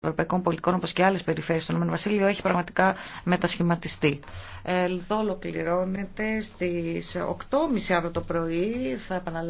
ευρωπαϊκών πολιτικών όπως και άλλες περιφέρειες στον Ηνωμένου έχει πραγματικά μετασχηματιστεί. Ε, εδώ ολοκληρώνεται στις 8.30 αύριο το πρωί. Θα